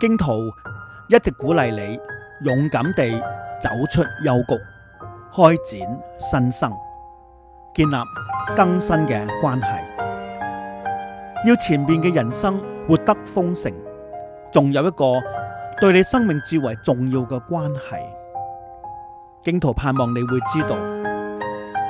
荊徒一直鼓勵你勇敢地走出幽谷，開展新生，建立更新嘅關係。要前面嘅人生活得豐盛，仲有一個對你生命至為重要嘅關係。荊徒盼望你會知道。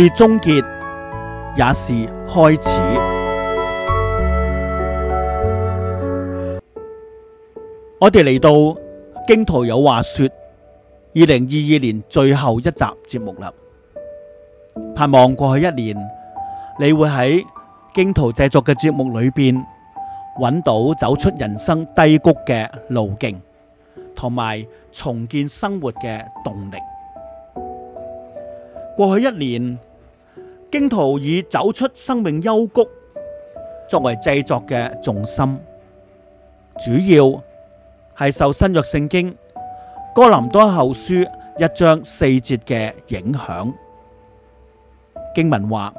是終結，也是開始。我哋嚟到《荊徒有話說》二零二二年最後一集節目啦！盼望過去一年，你會喺荊徒製作嘅節目裏邊，揾到走出人生低谷嘅路徑，同埋重建生活嘅動力。過去一年，荊徒以走出生命幽谷作為製作嘅重心，主要係受新約聖經哥林多後書一章四節嘅影響。經文話：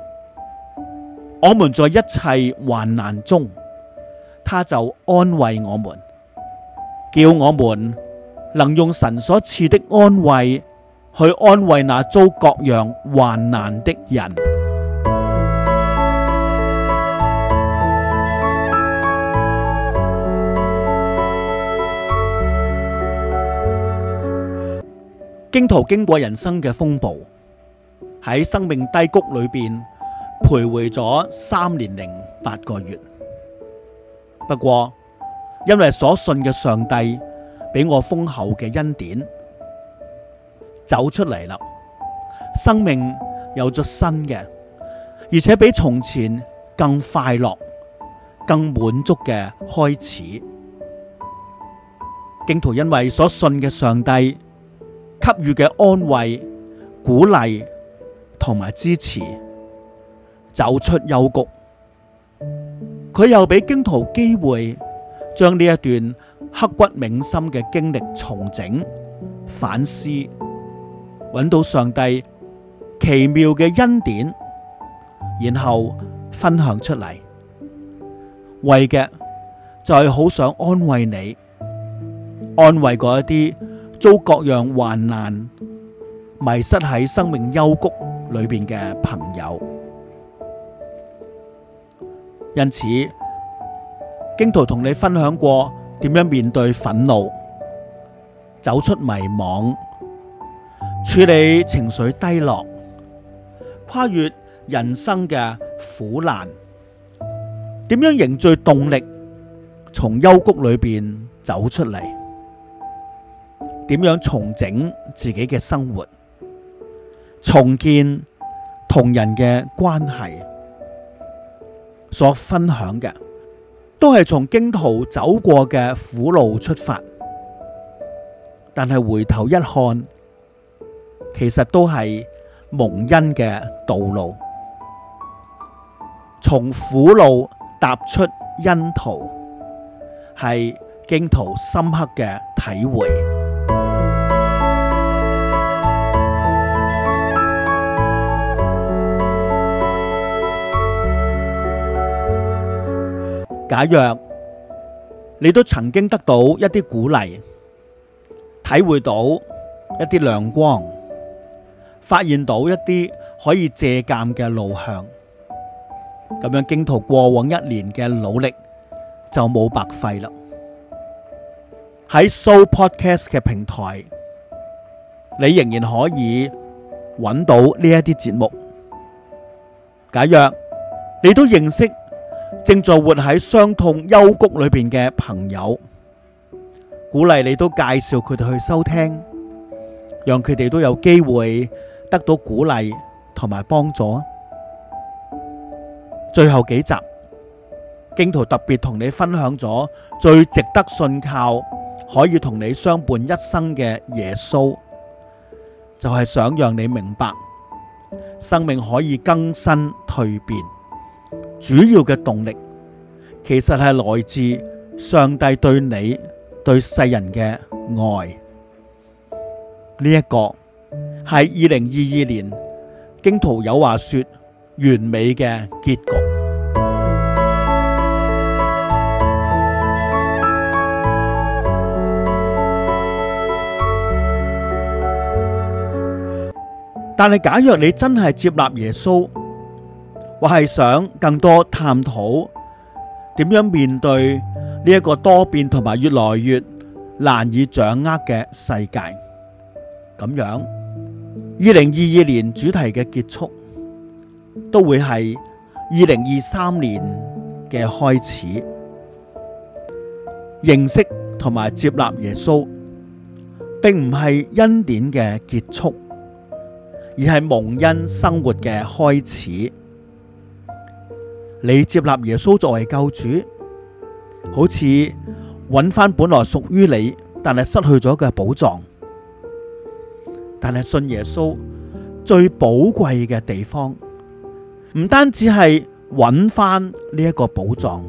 我們在一切患難中，他就安慰我們，叫我們能用神所賜的安慰去安慰那遭各樣患難的人。荊徒經過人生嘅風暴，喺生命低谷裏邊徘徊咗三年零八個月。不過因為所信嘅上帝俾我豐厚嘅恩典，走出嚟啦，生命有咗新嘅，而且比從前更快樂、更滿足嘅開始。荊徒因為所信嘅上帝。給予嘅安慰、鼓勵同埋支持，走出幽谷，佢又俾荊徒機會，將呢一段刻骨銘心嘅經歷重整、反思，揾到上帝奇妙嘅恩典，然後分享出嚟，為嘅就係、是、好想安慰你，安慰過一啲。遭各樣患難迷失喺生命幽谷裏邊嘅朋友，因此荊徒同你分享過點樣面對憤怒、走出迷惘、處理情緒低落、跨越人生嘅苦難、點樣凝聚動力，從幽谷裏邊走出嚟。點樣重整自己嘅生活，重建同人嘅關係，所分享嘅都係從荊徒走過嘅苦路出發，但係回頭一看，其實都係蒙恩嘅道路，從苦路踏出恩途，係荊徒深刻嘅體會。假若你都曾經得到一啲鼓勵，體會到一啲亮光，發現到一啲可以借鑒嘅路向，咁樣荊徒過往一年嘅努力就冇白費啦。喺 Sooopodcast 嘅平台，你仍然可以揾到呢一啲節目。假若你都認識。正在活在傷痛憂谷裏面的朋友，鼓勵你都介紹他們去收聽，讓他們都有機會得到鼓勵和幫助。最後幾集，荊徒特別和你分享了最值得信靠可以與你相伴一生的耶穌，就是想讓你明白，生命可以更新蛻變，主要嘅動力，其實係來自上帝對你、對世人嘅愛。呢、這、一個係二零二二年荊徒有話說完美嘅結局。但係，假若你真係接納耶穌。或係想更多探討點樣面對呢一個多變同埋越來越難以掌握嘅世界咁樣。二零二二年主題嘅結束都會係二零二三年嘅開始，認識同埋接納耶穌，並唔係恩典嘅結束，而係蒙恩生活嘅開始。你接納耶穌作為救主，好似揾翻本來屬於你但係失去咗嘅寶藏。但係信耶穌最寶貴嘅地方，唔單止係揾翻呢一個寶藏，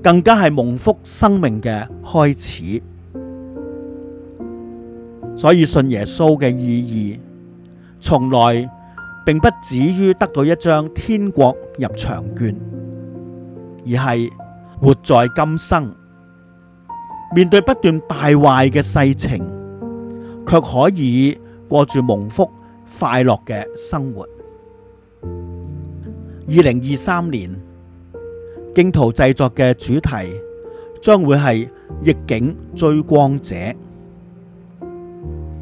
更加係蒙福生命嘅開始。所以信耶穌嘅意義，從來。並不止於得到一張天國入場券，而係活在今生，面對不斷敗壞嘅世情，却可以過住蒙福快樂嘅生活。二零二三年，荊徒製作嘅主題將會係逆境追光者，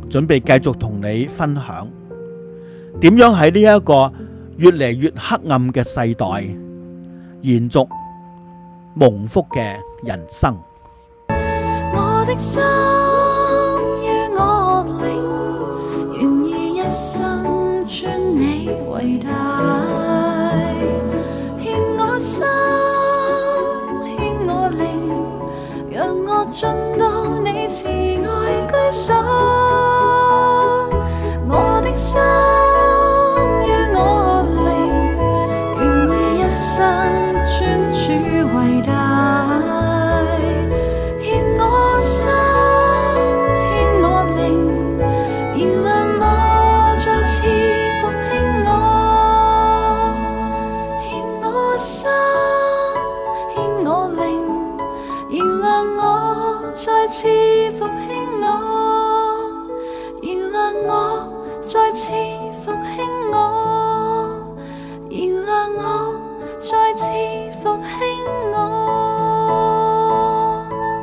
準備繼續同你分享。點樣喺呢一個越嚟越黑暗嘅世代，延續蒙福嘅人生？再次復興我，燃亮我，再次。